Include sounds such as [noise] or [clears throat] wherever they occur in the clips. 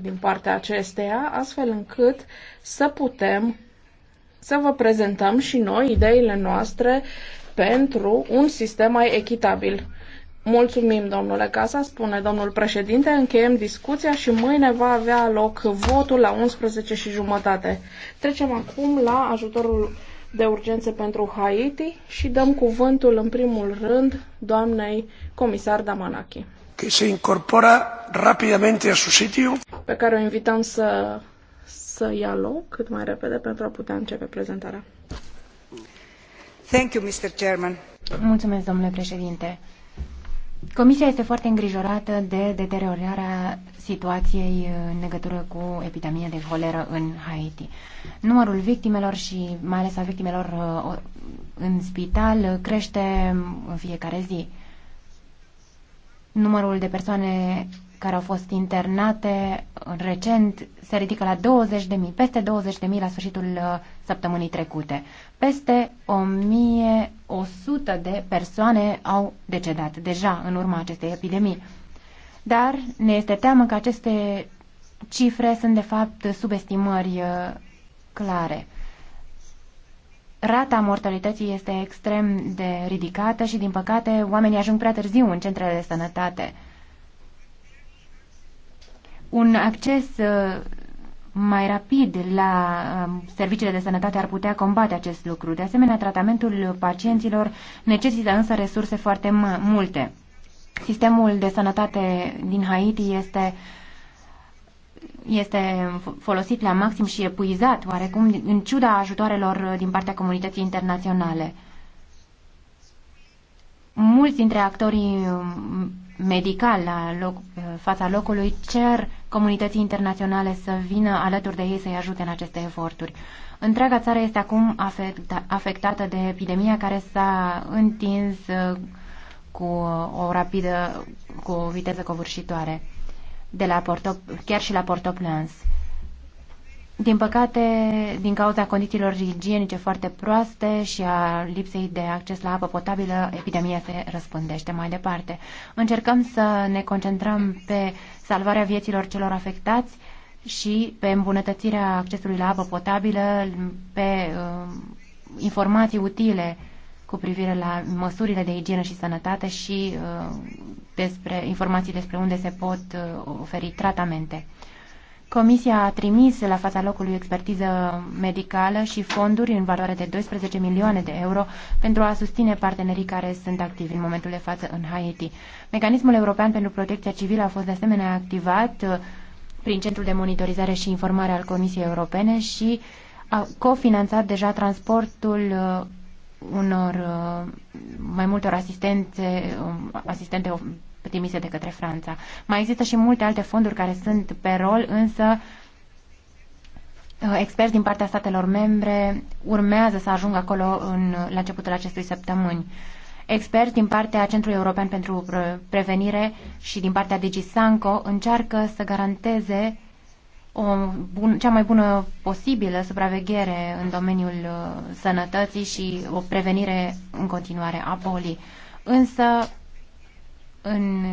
din partea acesteia, astfel încât să putem să vă prezentăm și noi ideile noastre pentru un sistem mai echitabil. Mulțumim, domnule Casa, spune domnul președinte. Încheiem discuția și mâine va avea loc votul la 11 și jumătate. Trecem acum la ajutorul de urgență pentru Haiti și dăm cuvântul în primul rând doamnei comisar Damanaki que se incorpora rápidamente a su sitio. Pe care o invităm să, să ia loc cât mai repede pentru a putea începe prezentarea. Thank you, Mr. Chairman. Mulțumesc, domnule președinte. Comisia este foarte îngrijorată de deteriorarea situației în legătură cu epidemia de holeră în Haiti. Numărul victimelor și mai ales a victimelor uh, în spital crește în fiecare zi. Numărul de persoane care au fost internate recent se ridică la 20.000, peste 20.000 la sfârșitul uh, săptămânii trecute. Peste 1100 de persoane au decedat deja în urma acestei epidemii. Dar ne este teamă că aceste cifre sunt de fapt subestimări uh, clare. Rata mortalității este extrem de ridicată și, din păcate, oamenii ajung prea târziu în centrele de sănătate. Un acces uh, mai rapid la um, serviciile de sănătate ar putea combate acest lucru. De asemenea, tratamentul pacienților necesită însă resurse foarte multe. Sistemul de sănătate din Haiti este uh, este folosit la maxim și epuizat oarecum în ciuda ajutoarelor uh, din partea comunității internaționale. Mulți dintre actorii um, medicali la loc, uh, fața locului cer comunității internaționale să vină alături de ei să-i ajute în aceste eforturi. Întreaga țară este acum afecta, afectată de epidemia care s-a întins uh, cu o rapidă, cu o viteză covârșitoare de la Porto, chiar și la Plans. Din păcate, din cauza condițiilor igienice foarte proaste și a lipsei de acces la apă potabilă, epidemia se răspândește mai departe. Încercăm să ne concentrăm pe salvarea vieților celor afectați și pe îmbunătățirea accesului la apă potabilă, pe uh, informații utile cu privire la măsurile de igienă și sănătate și uh, despre informații despre unde se pot uh, oferi tratamente. Comisia a trimis la fața locului expertiză medicală și fonduri în valoare de 12 milioane de euro pentru a susține partenerii care sunt activi în momentul de față în Haiti. Mecanismul European pentru Protecția Civilă a fost de asemenea activat uh, prin Centrul de Monitorizare și Informare al Comisiei Europene și a cofinanțat deja transportul unor uh, mai multor asistențe, um, asistente trimise de către Franța. Mai există și multe alte fonduri care sunt pe rol, însă uh, experți din partea statelor membre urmează să ajungă acolo în, la începutul acestui săptămâni. Experți din partea Centrului European pentru Prevenire și din partea DigiSanco încearcă să garanteze o bun, cea mai bună posibilă supraveghere în domeniul uh, sănătății și o prevenire în continuare a bolii. Însă, în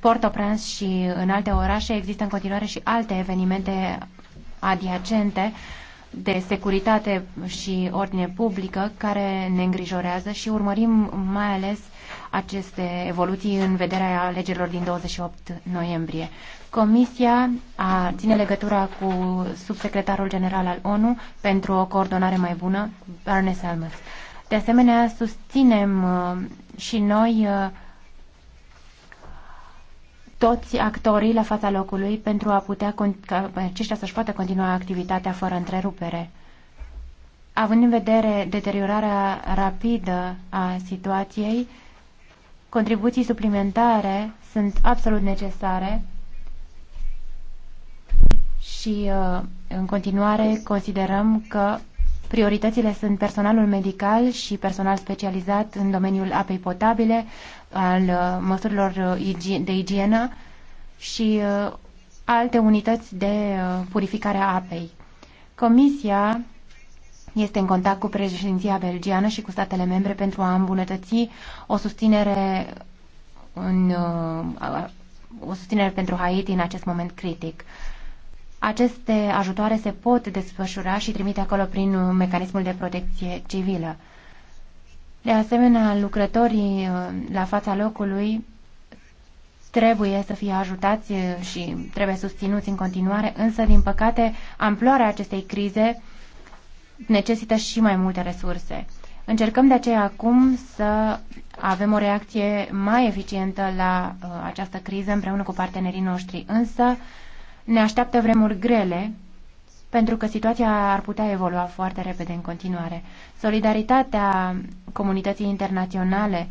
Port-au-Prince și în alte orașe există în continuare și alte evenimente adiacente de securitate și ordine publică care ne îngrijorează și urmărim mai ales aceste evoluții în vederea alegerilor din 28 noiembrie. Comisia a, ține legătura cu subsecretarul general al ONU pentru o coordonare mai bună, Barnes Almas. De asemenea, susținem uh, și noi uh, toți actorii la fața locului pentru a putea ca aceștia să-și poată continua activitatea fără întrerupere. Având în vedere deteriorarea rapidă a situației, contribuții suplimentare sunt absolut necesare și uh, în continuare considerăm că prioritățile sunt personalul medical și personal specializat în domeniul apei potabile, al uh, măsurilor uh, de igienă și alte unități de purificare a apei. Comisia este în contact cu președinția belgiană și cu statele membre pentru a îmbunătăți o susținere în, o susținere pentru Haiti în acest moment critic. Aceste ajutoare se pot desfășura și trimite acolo prin mecanismul de protecție civilă. De asemenea, lucrătorii uh, la fața locului trebuie să fie ajutați uh, și trebuie susținuți în continuare, însă, din păcate, amploarea acestei crize necesită și mai multe resurse. Încercăm de aceea acum să avem o reacție mai eficientă la uh, această criză împreună cu partenerii noștri, însă ne așteaptă vremuri grele, pentru că situația ar putea evolua foarte repede în continuare. Solidaritatea comunității internaționale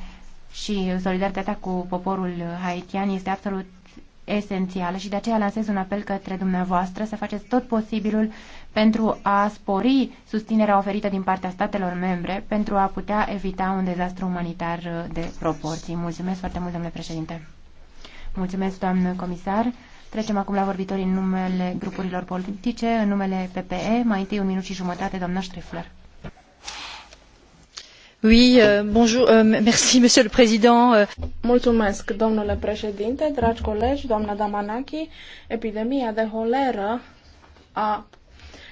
și solidaritatea cu poporul haitian este absolut esențială și de aceea lansez un apel către dumneavoastră să faceți tot posibilul pentru a spori susținerea oferită din partea statelor membre pentru a putea evita un dezastru umanitar de proporții. Mulțumesc foarte mult, domnule președinte. Mulțumesc, doamnă comisar. Trecem acum la vorbitorii în numele grupurilor politice, în numele PPE. Mai întâi un minut și jumătate, doamna Streffler. Oui, euh, bonjour, euh, merci, Monsieur le Président. Euh. Mulțumesc, domnule președinte, dragi colegi, doamna Damanaki. Epidemia de holeră a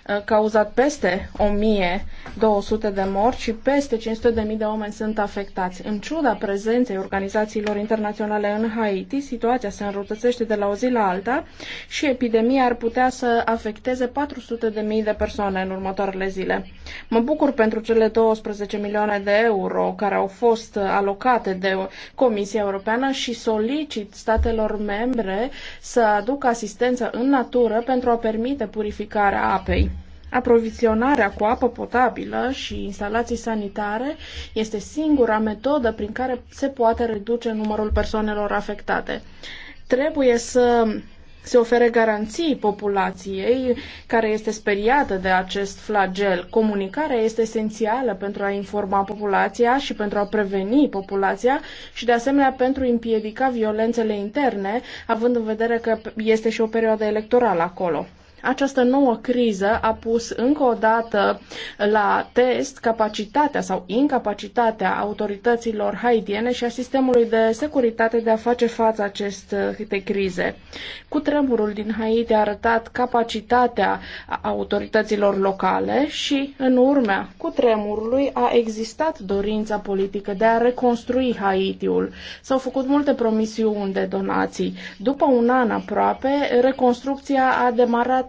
Uh, cauzat peste 1200 de morți și peste 500.000 de oameni sunt afectați. În ciuda prezenței organizațiilor internaționale în Haiti, situația se înrăutățește de la o zi la alta și epidemia ar putea să afecteze 400.000 de persoane în următoarele zile. Mă bucur pentru cele 12 milioane de euro care au fost alocate de Comisia Europeană și solicit statelor membre să aducă asistență în natură pentru a permite purificarea apei. Aprovizionarea cu apă potabilă și instalații sanitare este singura metodă prin care se poate reduce numărul persoanelor afectate. Trebuie să se ofere garanții populației care este speriată de acest flagel. Comunicarea este esențială pentru a informa populația și pentru a preveni populația și de asemenea pentru a împiedica violențele interne, având în vedere că este și o perioadă electorală acolo. Această nouă criză a pus încă o dată la test capacitatea sau incapacitatea autorităților haitiene și a sistemului de securitate de a face față acestei crize. Cu tremurul din Haiti a arătat capacitatea autorităților locale și, în urmea cu tremurului, a existat dorința politică de a reconstrui Haitiul. S-au făcut multe promisiuni de donații. După un an aproape, reconstrucția a demarat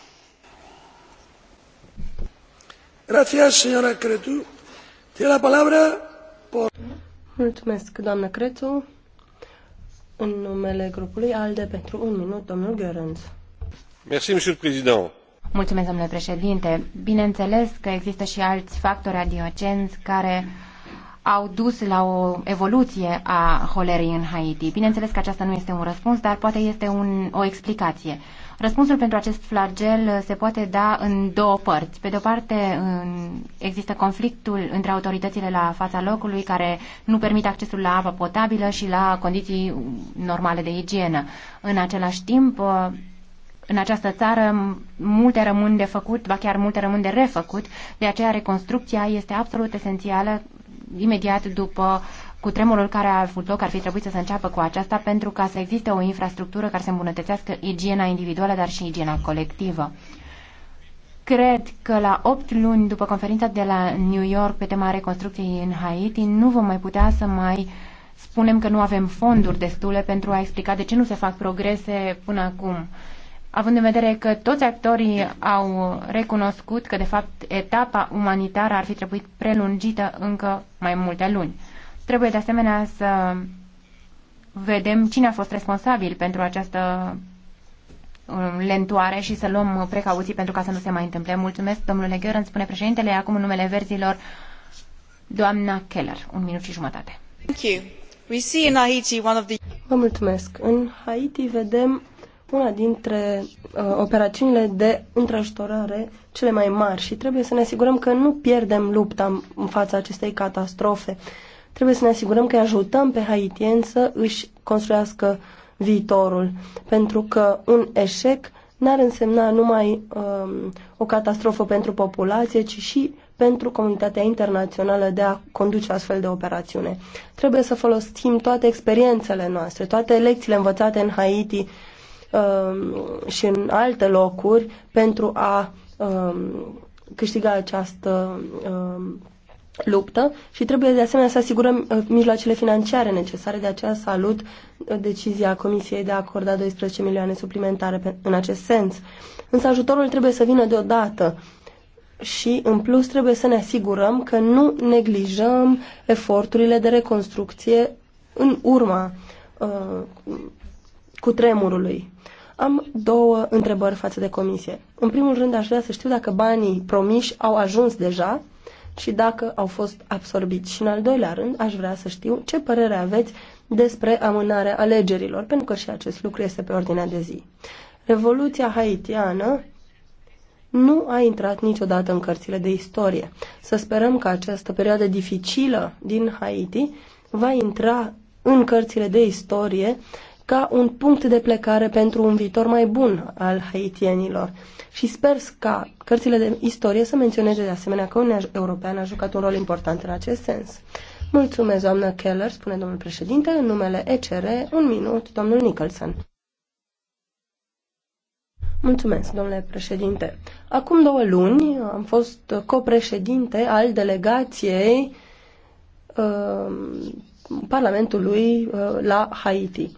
doamnă Cretu. În numele grupului ALDE pentru un minut, domnul goerens Mulțumesc, domnule președinte. Bineînțeles că există și alți factori adiocenți care au dus la o evoluție a holerei în Haiti. Bineînțeles că aceasta nu este un răspuns, dar poate este un, o explicație. Răspunsul pentru acest flagel uh, se poate da în două părți. Pe de o parte, există conflictul între autoritățile la fața locului care nu permit accesul la apă potabilă și la condiții normale de igienă. În același timp, uh, în această țară multe rămân de făcut, ba chiar multe rămân de refăcut, de aceea reconstrucția este absolut esențială imediat după cu tremurul care a avut loc ar fi trebuit să se înceapă cu aceasta pentru ca să existe o infrastructură care să îmbunătățească igiena individuală, dar și igiena colectivă. Cred că la 8 luni după conferința de la New York pe tema reconstrucției în Haiti nu vom mai putea să mai spunem că nu avem fonduri destule pentru a explica de ce nu se fac progrese până acum având în vedere că toți actorii au recunoscut că, de fapt, etapa umanitară ar fi trebuit prelungită încă mai multe luni. Trebuie de asemenea să vedem cine a fost responsabil pentru această um, lentoare și să luăm precauții pentru ca să nu se mai întâmple. Mulțumesc, domnule Gheorân, spune președintele, acum în numele verzilor, doamna Keller, un minut și jumătate. Thank you. We see in Haiti one of the... Vă mulțumesc. În Haiti vedem una dintre uh, operațiunile de întrajutorare cele mai mari și trebuie să ne asigurăm că nu pierdem lupta în fața acestei catastrofe. Uh, Trebuie să ne asigurăm că ajutăm pe haitieni să își construiască viitorul, pentru că un eșec n-ar însemna numai um, o catastrofă pentru populație, ci și pentru comunitatea internațională de a conduce astfel de operațiune. Trebuie să folosim toate experiențele noastre, toate lecțiile învățate în Haiti um, și în alte locuri pentru a um, câștiga această um, luptă și trebuie de asemenea să asigurăm uh, mijloacele financiare necesare. De aceea salut uh, decizia Comisiei de a acorda 12 milioane suplimentare în acest sens. Însă ajutorul trebuie să vină deodată și, în plus, trebuie să ne asigurăm că nu neglijăm eforturile de reconstrucție în urma uh, cu tremurului. Am două întrebări față de comisie. În primul rând, aș vrea să știu dacă banii promiși au ajuns deja și dacă au fost absorbiți. Și în al doilea rând, aș vrea să știu ce părere aveți despre amânarea alegerilor, pentru că și acest lucru este pe ordinea de zi. Revoluția haitiană nu a intrat niciodată în cărțile de istorie. Să sperăm că această perioadă dificilă din Haiti va intra în cărțile de istorie ca un punct de plecare pentru un viitor mai bun al haitienilor. Și sper ca cărțile de istorie să menționeze de asemenea că Uniunea Europeană a jucat un rol important în acest sens. Mulțumesc, doamnă Keller, spune domnul președinte, în numele ECR, un minut, domnul Nicholson. Mulțumesc, domnule președinte. Acum două luni am fost copreședinte al delegației uh, Parlamentului uh, la Haiti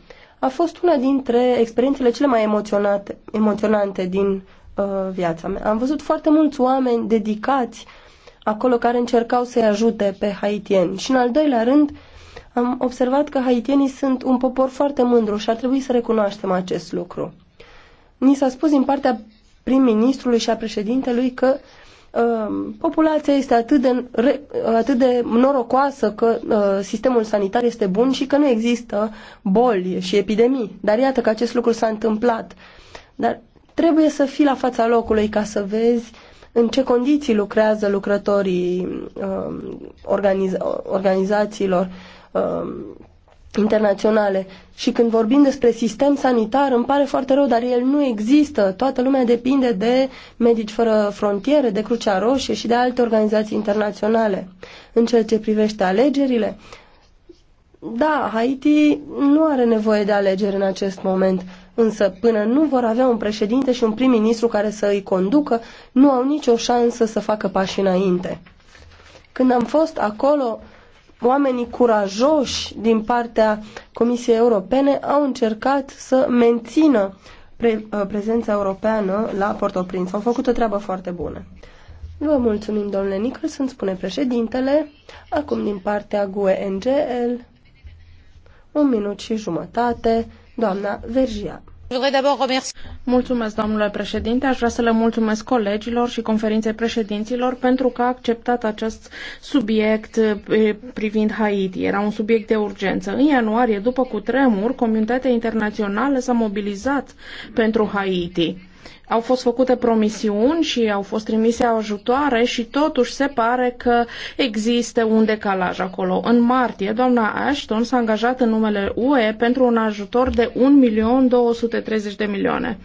a fost una dintre experiențele cele mai emoționate, emoționante din uh, viața mea. Am văzut foarte mulți oameni dedicați acolo care încercau să-i ajute pe haitieni. Și în al doilea rând, am observat că haitienii sunt un popor foarte mândru și ar trebui să recunoaștem acest lucru. Ni s-a spus din partea prim-ministrului și a președintelui că uh, Um, populația este atât de, atât de norocoasă că uh, sistemul sanitar este bun și că nu există boli și epidemii. Dar iată că acest lucru s-a întâmplat. Dar trebuie să fii la fața locului ca să vezi în ce condiții lucrează lucrătorii um, organiza- organizațiilor um, internaționale. Și când vorbim despre sistem sanitar, îmi pare foarte rău, dar el nu există. Toată lumea depinde de Medici Fără Frontiere, de Crucea Roșie și de alte organizații internaționale. În ceea ce privește alegerile, da, Haiti nu are nevoie de alegeri în acest moment, însă până nu vor avea un președinte și un prim-ministru care să îi conducă, nu au nicio șansă să facă pași înainte. Când am fost acolo, oamenii curajoși din partea Comisiei Europene au încercat să mențină pre, uh, prezența europeană la Port-au-Prince. Au făcut o treabă foarte bună. Vă mulțumim, domnule Nicholson, spune președintele. Acum, din partea GUE-NGL, un minut și jumătate, doamna Vergia. Mulțumesc, domnule președinte. Aș vrea să le mulțumesc colegilor și conferinței președinților pentru că a acceptat acest subiect eh, privind Haiti. Era un subiect de urgență. În ianuarie, după cutremur, comunitatea internațională s-a mobilizat pentru Haiti au fost făcute promisiuni și au fost trimise ajutoare și totuși se pare că există un decalaj acolo. În martie, doamna Ashton s-a angajat în numele UE pentru un ajutor de 1.230 de milioane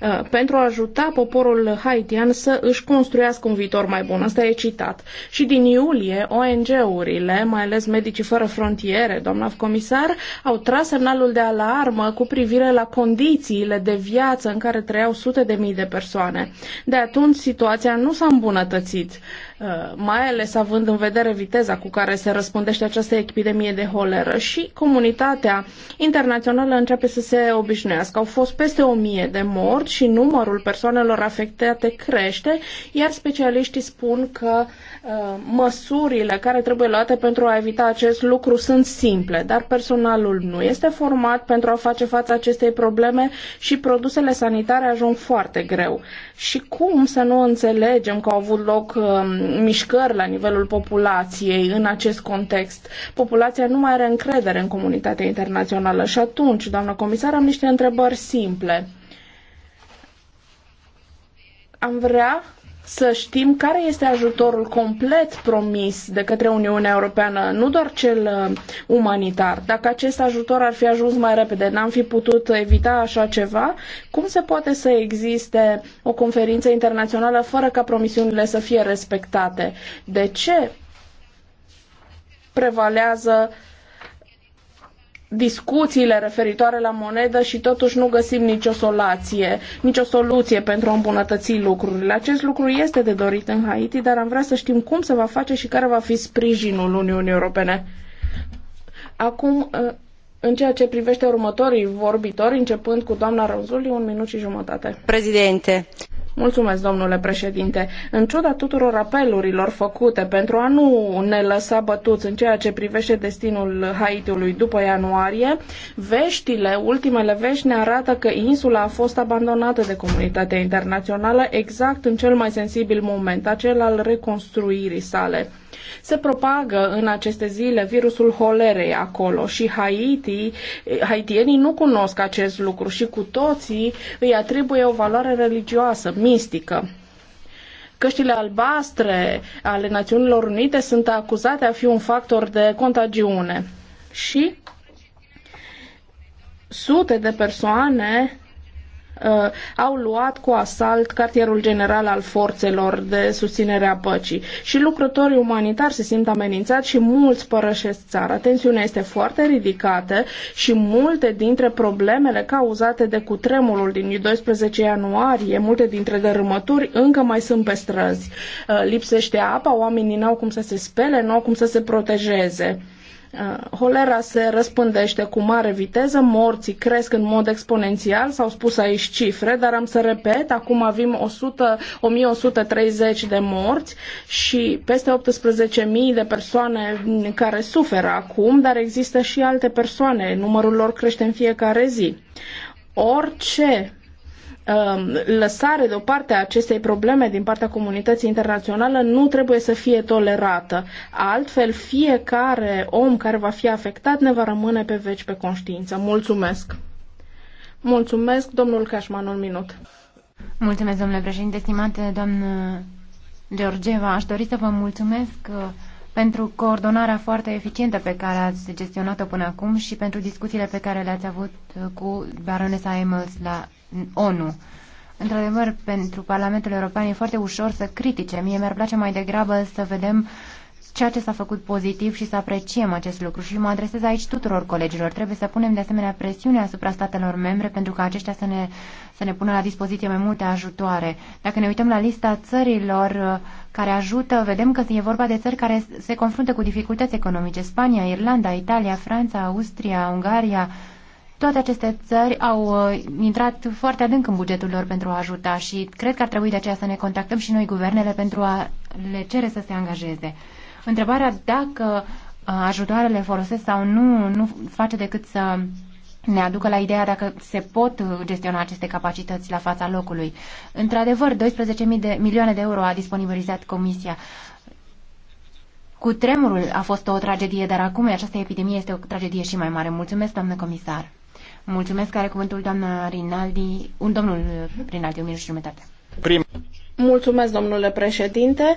uh, pentru a ajuta poporul haitian să își construiască un viitor mai bun. Asta e citat. Și din iulie, ONG-urile, mai ales Medicii Fără Frontiere, doamna comisar, au tras semnalul de alarmă cu privire la condițiile de viață în care trăiau sute de de persoane. De atunci, situația nu s-a îmbunătățit. Uh, mai ales având în vedere viteza cu care se răspundește această epidemie de holeră și comunitatea internațională începe să se obișnuiască. Au fost peste o mie de morți și numărul persoanelor afectate crește, iar specialiștii spun că uh, măsurile care trebuie luate pentru a evita acest lucru sunt simple, dar personalul nu este format pentru a face față acestei probleme și produsele sanitare ajung foarte greu. Și cum să nu înțelegem că au avut loc um, mișcări la nivelul populației în acest context? Populația nu mai are încredere în comunitatea internațională și atunci, doamnă comisar, am niște întrebări simple. Am vrea să știm care este ajutorul complet promis de către Uniunea Europeană, nu doar cel uh, umanitar. Dacă acest ajutor ar fi ajuns mai repede, n-am fi putut evita așa ceva, cum se poate să existe o conferință internațională fără ca promisiunile să fie respectate? De ce prevalează discuțiile referitoare la monedă și totuși nu găsim nicio soluție, nicio soluție pentru a îmbunătăți lucrurile. Acest lucru este de dorit în Haiti, dar am vrea să știm cum se va face și care va fi sprijinul Uniunii Europene. Acum, ă, în ceea ce privește următorii vorbitori, începând cu doamna Rozuli, un minut și jumătate. Președinte. Mulțumesc, domnule președinte. În ciuda tuturor apelurilor făcute pentru a nu ne lăsa bătuți în ceea ce privește destinul Haitiului după ianuarie, veștile, ultimele vești ne arată că insula a fost abandonată de comunitatea internațională exact în cel mai sensibil moment, acel al reconstruirii sale. Se propagă în aceste zile virusul holerei acolo și Haiti, haitienii nu cunosc acest lucru și cu toții îi atribuie o valoare religioasă, mistică. Căștile albastre ale Națiunilor Unite sunt acuzate a fi un factor de contagiune. Și sute de persoane uh, au luat cu asalt cartierul general al forțelor de susținere a păcii și lucrătorii umanitari se simt amenințați și mulți părășesc țara. Tensiunea este foarte ridicată și multe dintre problemele cauzate de cutremurul din 12 ianuarie, multe dintre dărâmături încă mai sunt pe străzi. Uh, lipsește apa, oamenii n-au cum să se spele, n-au cum să se protejeze. Uh, holera se răspândește cu mare viteză, morții cresc în mod exponențial, s-au spus aici cifre, dar am să repet, acum avem 100, 1130 de morți și peste 18.000 de persoane care suferă acum, dar există și alte persoane, numărul lor crește în fiecare zi. Orice Um, lăsare deoparte a acestei probleme din partea comunității internaționale nu trebuie să fie tolerată. Altfel, fiecare om care va fi afectat ne va rămâne pe veci pe conștiință. Mulțumesc! Mulțumesc, domnul Cașman, un minut. Mulțumesc, domnule președinte, estimate doamnă Georgeva. Aș dori să vă mulțumesc uh, pentru coordonarea foarte eficientă pe care ați gestionat-o până acum și pentru discuțiile pe care le-ați avut uh, cu baronesa Emels la ONU. Într-adevăr, pentru Parlamentul European e foarte ușor să critique. Mie mi-ar place mai degrabă să vedem ceea ce s-a făcut pozitiv și să apreciem acest lucru. Și mă adresez aici tuturor colegilor. Trebuie să punem de asemenea presiune asupra statelor membre pentru ca aceștia să ne, să ne pună la dispoziție mai multe ajutoare. Dacă ne uităm la lista țărilor uh, care ajută, vedem că e vorba de țări care se confruntă cu dificultăți economice. Spania, Irlanda, Italia, Franța, Austria, Ungaria, toate aceste țări au uh, intrat foarte adânc în bugetul lor pentru a ajuta și cred că ar trebui de aceea să ne contactăm și noi guvernele pentru a le cere să se angajeze. Întrebarea dacă uh, ajutoarele folosesc sau nu, nu face decât să ne aducă la ideea dacă se pot gestiona aceste capacități la fața locului. Într-adevăr, 12 de milioane de euro a disponibilizat Comisia. Cu tremurul a fost o tragedie, dar acum această epidemie este o tragedie și mai mare. Mulțumesc, doamnă comisar. Mulțumesc, are cuvântul doamna Rinaldi, un domnul Rinaldi, un minut și jumătate. Prim. Mulțumesc, domnule președinte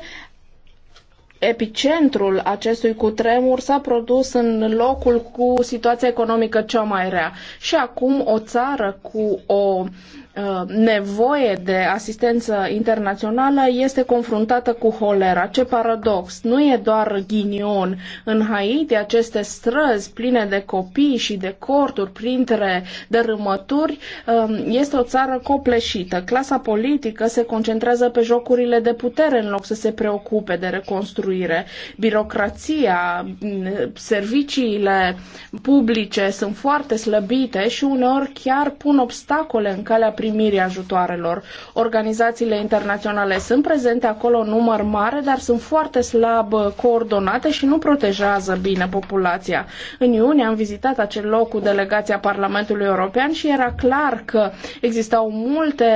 epicentrul acestui cutremur s-a produs în locul cu situația economică cea mai rea. Și acum o țară cu o Uh, nevoie de asistență internațională este confruntată cu holera. Ce paradox! Nu e doar ghinion. În Haiti, aceste străzi pline de copii și de corturi printre dărâmături um, este o țară copleșită. Clasa politică se concentrează pe jocurile de putere în loc să se preocupe de reconstruire. Birocrația, mm, serviciile publice sunt foarte slăbite și uneori chiar pun obstacole în calea primirii ajutoarelor. Organizațiile internaționale sunt prezente acolo în număr mare, dar sunt foarte slab uh, coordonate și nu protejează bine populația. În iunie am vizitat acel loc cu delegația Parlamentului European și era clar că existau multe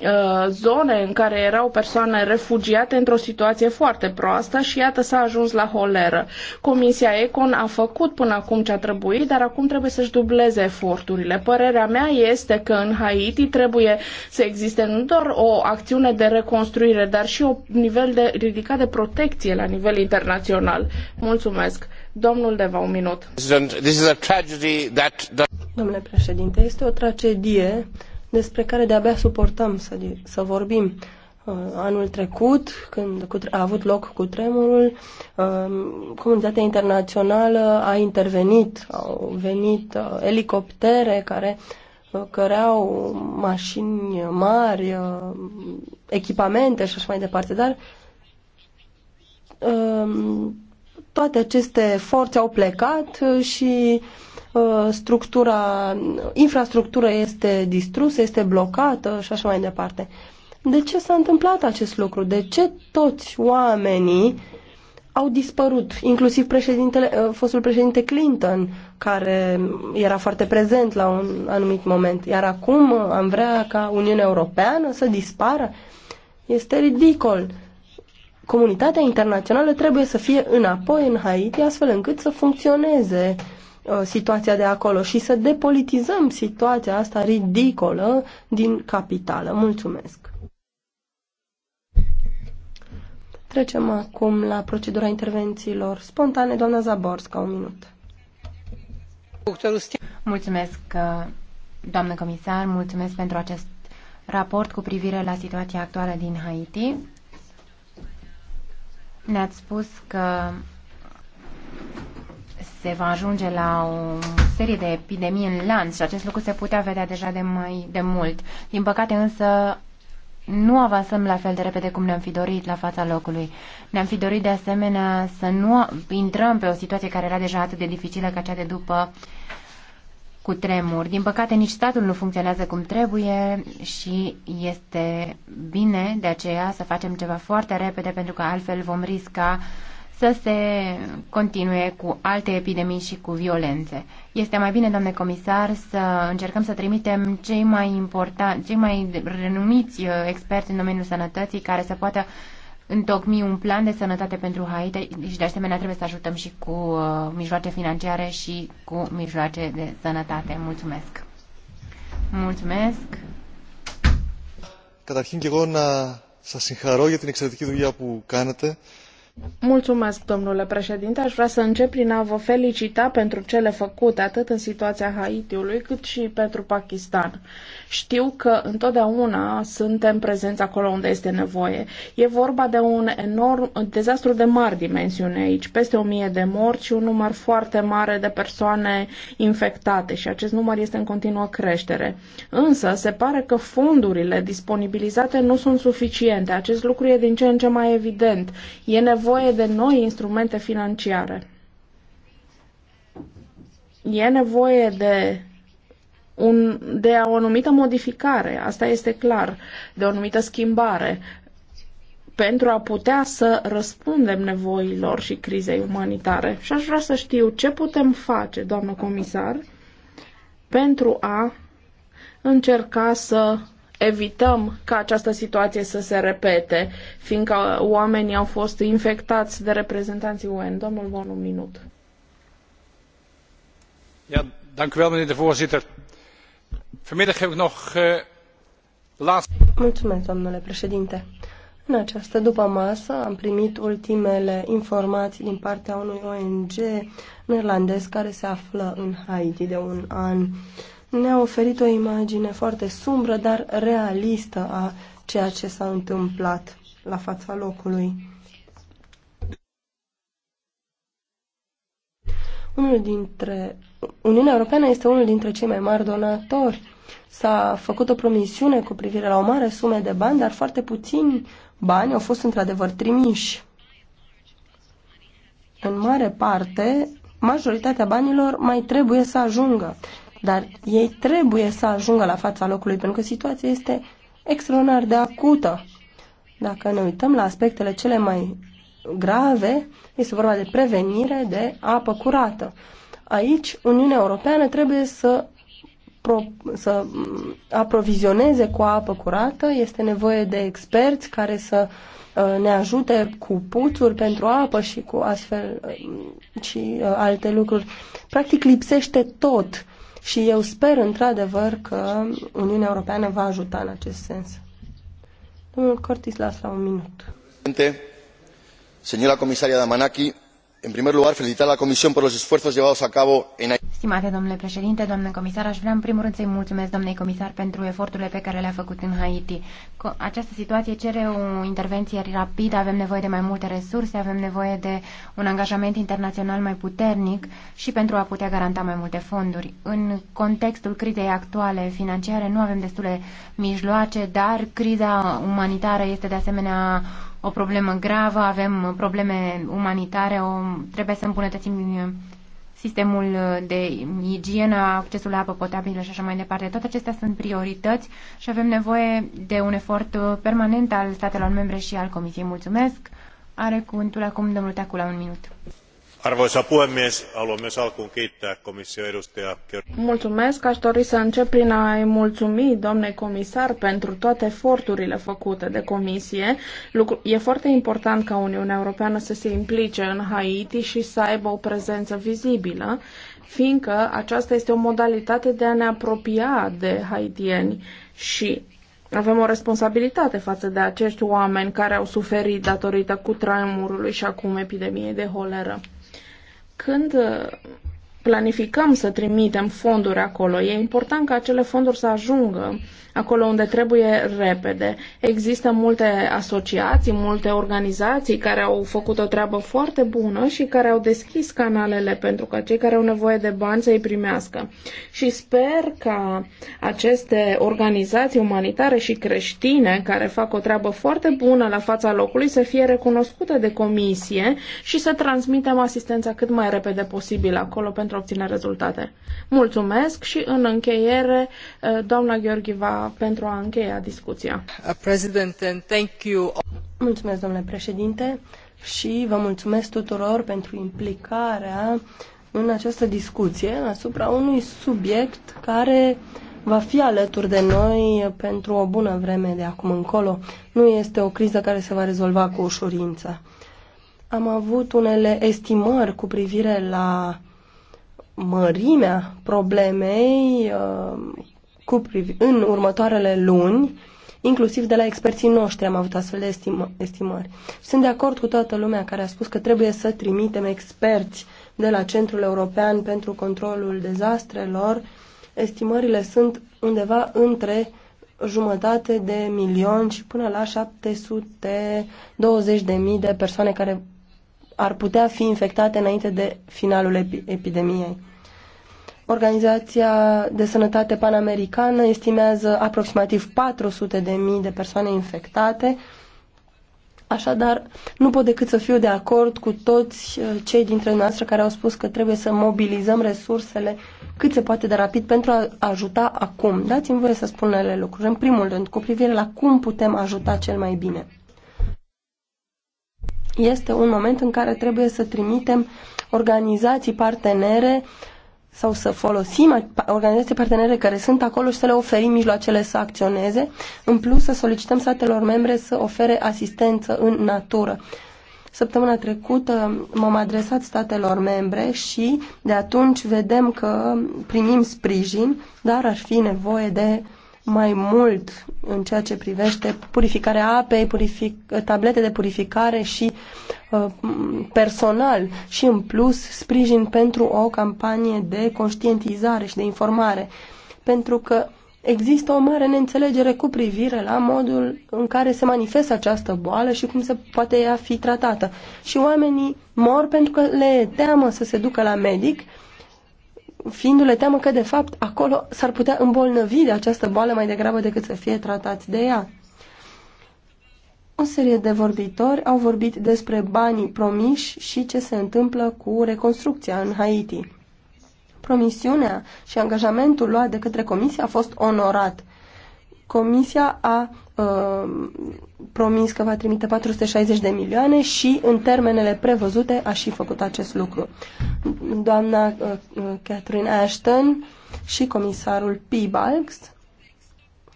uh, zone în care erau persoane refugiate într-o situație foarte proastă și iată s-a ajuns la holeră. Comisia Econ a făcut până acum ce a trebuit, dar acum trebuie să-și dubleze eforturile. Părerea mea este că în Haiti trebuie trebuie să existe nu doar o acțiune de reconstruire, dar și un nivel de ridicat de protecție la nivel internațional. Mulțumesc. Domnul Deva, un minut. Domnule președinte, este o tragedie despre care de-abia suportăm să, să vorbim. Uh, anul trecut, când a avut loc cu tremurul, uh, comunitatea internațională a intervenit, au venit uh, elicoptere care care au mașini mari, uh, echipamente și așa mai departe, dar um, toate aceste forțe au plecat uh, și uh, structura, infrastructura este distrusă, este blocată și așa mai departe. De ce s-a întâmplat acest lucru? De ce toți oamenii au dispărut, inclusiv președintele, uh, fostul președinte Clinton, care era foarte prezent la un anumit moment. Iar acum uh, am vrea ca Uniunea Europeană să dispară. Este ridicol. Comunitatea internațională trebuie să fie înapoi în Haiti, astfel încât să funcționeze uh, situația de acolo și să depolitizăm situația asta ridicolă din capitală. Mulțumesc! Trecem acum la procedura intervențiilor spontane. Doamna Zaborska, un minut. Mulțumesc, uh, doamnă comisar, mulțumesc pentru acest raport cu privire la situația actuală din Haiti. Ne-ați spus că se va ajunge la o serie de epidemii în lanț și acest lucru se putea vedea deja de mai de mult. Din păcate însă nu avansăm la fel de repede cum ne-am fi dorit la fața locului. Ne-am fi dorit de asemenea să nu intrăm pe o situație care era deja atât de dificilă ca cea de după cu tremur. Din păcate, nici statul nu funcționează cum trebuie și este bine de aceea să facem ceva foarte repede pentru că altfel vom risca uh, să se continue cu alte epidemii și cu violențe. Este mai bine, domnule comisar, să încercăm să trimitem cei mai importanti, cei mai renumiți uh, experți în domeniul sănătății care să poată întocmi un plan de sănătate pentru Haiti și de asemenea trebuie să ajutăm și cu uh, mijloace financiare și cu mijloace de sănătate. Mulțumesc! Mulțumesc! Καταρχήν και εγώ να σας συγχαρώ για την εξαιρετική δουλειά που κάνετε. Mulțumesc, domnule președinte. Aș vrea să încep prin a vă felicita pentru cele făcute, atât în situația Haitiului, cât și pentru Pakistan. Știu că întotdeauna suntem prezenți acolo unde este nevoie. E vorba de un enorm un dezastru de mari dimensiune aici, peste o mie de morți și un număr foarte mare de persoane infectate și acest număr este în continuă creștere. Însă se pare că fondurile disponibilizate nu sunt suficiente. Acest lucru e din ce în ce mai evident. E nevoie de noi instrumente financiare. E nevoie de un, de o anumită modificare, asta este clar, de o anumită schimbare, pentru a putea să răspundem nevoilor și crizei umanitare. Și aș vrea să știu ce putem face, doamnă comisar, pentru a încerca să evităm ca această situație să se repete, fiindcă oamenii au fost infectați de reprezentanții UN. Domnul Von, un minut. Ja, dank u wel, meneer de voorzitter. Vanmiddag heb ik nog eh, Mulțumesc, domnule președinte. În această după-masă am primit ultimele informații din partea unui ONG neerlandez care se află în Haiti de un an. Ne-a oferit o imagine foarte sumbră, dar realistă a ceea ce s-a întâmplat la fața locului. Unul dintre, Uniunea Europeană este unul dintre cei mai mari donatori. S-a făcut o promisiune cu privire la o mare sumă de bani, dar foarte puțini bani au fost într-adevăr trimiși. În mare parte, majoritatea banilor mai trebuie să ajungă, dar ei trebuie să ajungă la fața locului, pentru că situația este extraordinar de acută. Dacă ne uităm la aspectele cele mai grave, este vorba de prevenire de apă curată. Aici, Uniunea Europeană trebuie să, pro, să aprovizioneze cu apă curată, este nevoie de experți care să uh, ne ajute cu puțuri pentru apă și cu astfel uh, și uh, alte lucruri. Practic lipsește tot și eu sper într-adevăr că Uniunea Europeană va ajuta în acest sens. Domnul Cortis, las la un minut señora comisaria damanaki în primul rând felicitar la comisión por los esfuerzos llevados a cabo en Stimate domnule președinte, domnule comisar, aș vrea în primul rând să-i mulțumesc doamnei comisar pentru eforturile pe care le-a făcut în Haiti. Această situație cere o intervenție rapidă, avem nevoie de mai multe resurse, avem nevoie de un angajament internațional mai puternic și pentru a putea garanta mai multe fonduri. În contextul crizei actuale financiare nu avem destule mijloace, dar criza umanitară este de asemenea o problemă gravă, avem probleme umanitare, o, trebuie să îmbunătățim uh, sistemul de igienă, accesul la apă potabilă și așa mai departe. Toate acestea sunt priorități și avem nevoie de un efort uh, permanent al statelor membre și al Comisiei. Mulțumesc! Are cuvântul acum domnul la un minut arvoisa puhemies haluan myös alkuun kiittää komission edustajaa Mulțumesc, aș dori să încep prin a-i mulțumi domnului comisar pentru toate eforturile făcute de comisie. Lucru... E foarte important ca Uniunea Europeană să se implice în Haiti și să aibă o prezență vizibilă, fiindcă aceasta este o modalitate de a ne apropia de haitieni și avem o responsabilitate față de acești oameni care au suferit datorită cutremurului și acum epidemiei de holeră când planificăm să trimitem fonduri acolo. E important ca acele fonduri să ajungă acolo unde trebuie repede. Există multe asociații, multe organizații care au făcut o treabă foarte bună și care au deschis canalele pentru ca cei care au nevoie de bani să îi primească. Și sper ca aceste organizații umanitare și creștine care fac o treabă foarte bună la fața locului să fie recunoscute de comisie și să transmitem asistența cât mai repede posibil acolo pentru a obține rezultate. Mulțumesc și în încheiere, eh, doamna Gheorghiva, pentru a încheia discuția. Uh, mulțumesc, domnule președinte, și vă mulțumesc tuturor pentru implicarea în această discuție asupra unui subiect care va fi alături de noi pentru o bună vreme de acum încolo. Nu este o criză care se va rezolva cu ușurință. Am avut unele estimări cu privire la mărimea problemei uh, cu în următoarele luni, inclusiv de la experții noștri am avut astfel de estimă, estimări. Sunt de acord cu toată lumea care a spus că trebuie să trimitem experți de la Centrul European pentru Controlul Dezastrelor. Estimările sunt undeva între jumătate de milion și până la 720 de mii de persoane care ar putea fi infectate înainte de finalul epidemiei. Organizația de Sănătate Panamericană estimează aproximativ 400 de mii de persoane infectate. Așadar, nu pot decât să fiu de acord cu toți uh, cei dintre noastre care au spus că trebuie să mobilizăm resursele cât se poate de rapid pentru a ajuta acum. Dați-mi voie să spun unele lucruri. În primul rând, cu privire la cum putem ajuta cel mai bine. Este un moment în care trebuie să trimitem organizații partenere uh, sau să folosim organizații partenere care sunt acolo și să le oferim mijloacele să acționeze. În plus, să solicităm statelor membre să ofere asistență în natură. Săptămâna trecută m-am adresat statelor membre și de atunci vedem că primim sprijin, dar ar fi nevoie de mai mult în ceea ce privește purificarea apei, purific, tablete de purificare și uh, personal și în plus sprijin pentru o campanie de conștientizare și de informare. Pentru că există o mare neînțelegere cu privire la modul în care se manifestă această boală și cum se poate ea fi tratată. Și oamenii mor pentru că le teamă să se ducă la medic fiindu-le teamă că, de fapt, acolo s-ar putea îmbolnăvi de această boală mai degrabă decât să fie tratat de ea. O serie de vorbitori au vorbit despre banii promiși și ce se întâmplă cu reconstrucția în Haiti. Promisiunea și angajamentul luat de către Comisie a fost onorat Comisia a uh, promis că va trimite 460 de milioane și în termenele prevăzute a și făcut acest lucru. Doamna uh, uh Catherine Ashton și comisarul Balks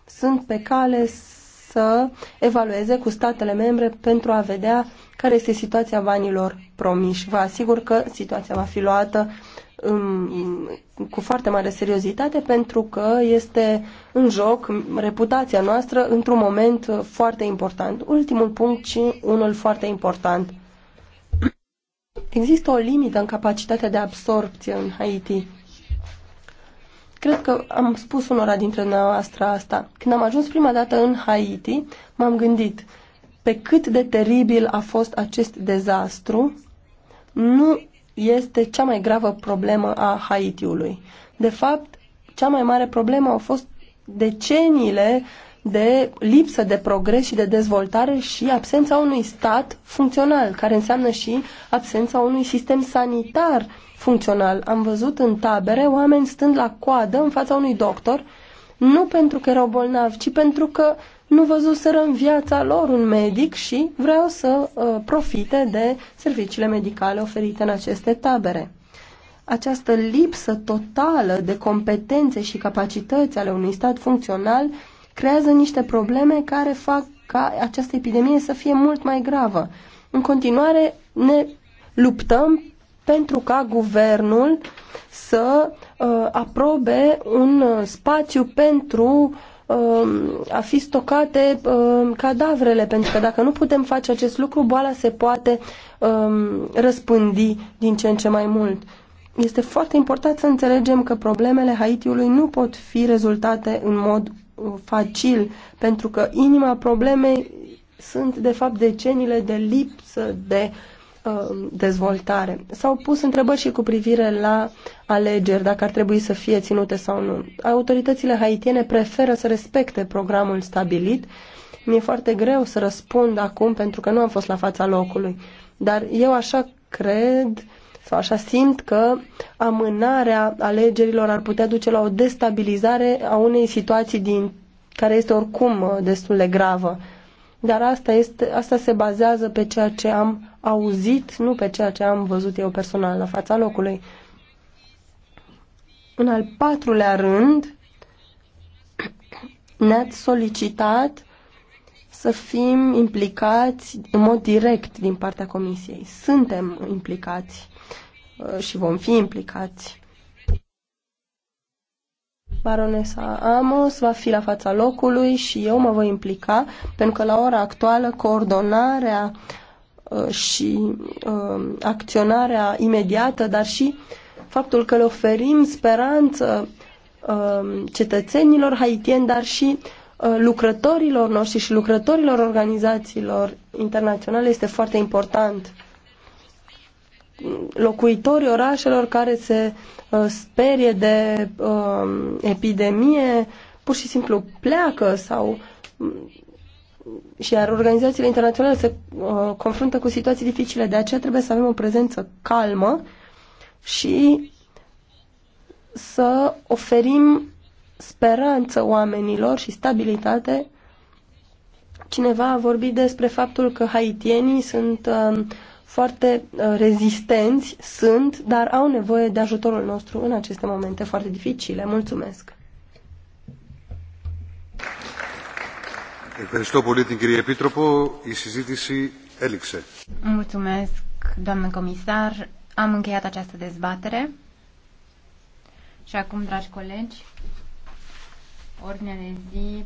sunt pe cale să evalueze cu statele membre pentru a vedea care este situația banilor promiși. Vă asigur că situația va fi luată uh, Um, cu foarte mare seriozitate pentru că este în joc reputația noastră într-un moment foarte important. Ultimul punct și unul foarte important. Există o limită în capacitatea de absorpție în Haiti. Cred că am spus unora dintre noastre asta. Când am ajuns prima dată în Haiti, m-am gândit pe cât de teribil a fost acest dezastru, nu este cea mai gravă problemă a Haitiului. De fapt, cea mai mare problemă au fost deceniile de lipsă de progres și de dezvoltare și absența unui stat funcțional, care înseamnă și absența unui sistem sanitar funcțional. Am văzut în tabere oameni stând la coadă în fața unui doctor, nu pentru că erau bolnavi, ci pentru că nu văzuseră în viața lor un medic și vreau să uh, profite de serviciile medicale oferite în aceste tabere. Această lipsă totală de competențe și capacități ale unui stat funcțional creează niște probleme care fac ca această epidemie să fie mult mai gravă. În continuare ne luptăm pentru ca guvernul să uh, aprobe un uh, spațiu pentru uh, Um, a fi stocate um, cadavrele, pentru că dacă nu putem face acest lucru, boala se poate um, răspândi din ce în ce mai mult. Este foarte important să înțelegem că problemele Haitiului nu pot fi rezultate în mod uh, facil, pentru că inima problemei sunt, de fapt, deceniile de lipsă de uh, Um, dezvoltare. S-au pus întrebări și cu privire la alegeri, dacă ar trebui să fie ținute sau nu. Autoritățile haitiene preferă să respecte programul stabilit. Mi-e foarte greu să răspund acum pentru că nu am fost la fața locului. Dar eu așa cred sau așa simt că amânarea alegerilor ar putea duce la o destabilizare a unei situații din care este oricum uh, destul de gravă dar asta, este, asta se bazează pe ceea ce am auzit, nu pe ceea ce am văzut eu personal la fața locului. În al patrulea rând, [clears throat] ne-ați solicitat să fim implicați în mod direct din partea Comisiei. Suntem implicați uh, și vom fi implicați. Baronesa Amos va fi la fața locului și eu mă voi implica, pentru că la ora actuală coordonarea uh, și uh, acționarea imediată, dar și faptul că le oferim speranță uh, cetățenilor haitieni, dar și lucrătorilor noștri și lucrătorilor organizațiilor internaționale este foarte important locuitorii orașelor care se uh, sperie de uh, epidemie, pur și simplu pleacă sau mm, și iar organizațiile internaționale se uh, confruntă cu situații dificile, de aceea trebuie să avem o prezență calmă și să oferim speranță oamenilor și stabilitate. Cineva a vorbit despre faptul că haitienii sunt uh, foarte uh, rezistenți sunt, dar au nevoie de ajutorul nostru în aceste momente foarte dificile. Mulțumesc! Mulțumesc, doamnă comisar. Am încheiat această dezbatere. Și acum, dragi colegi, ordinea de zi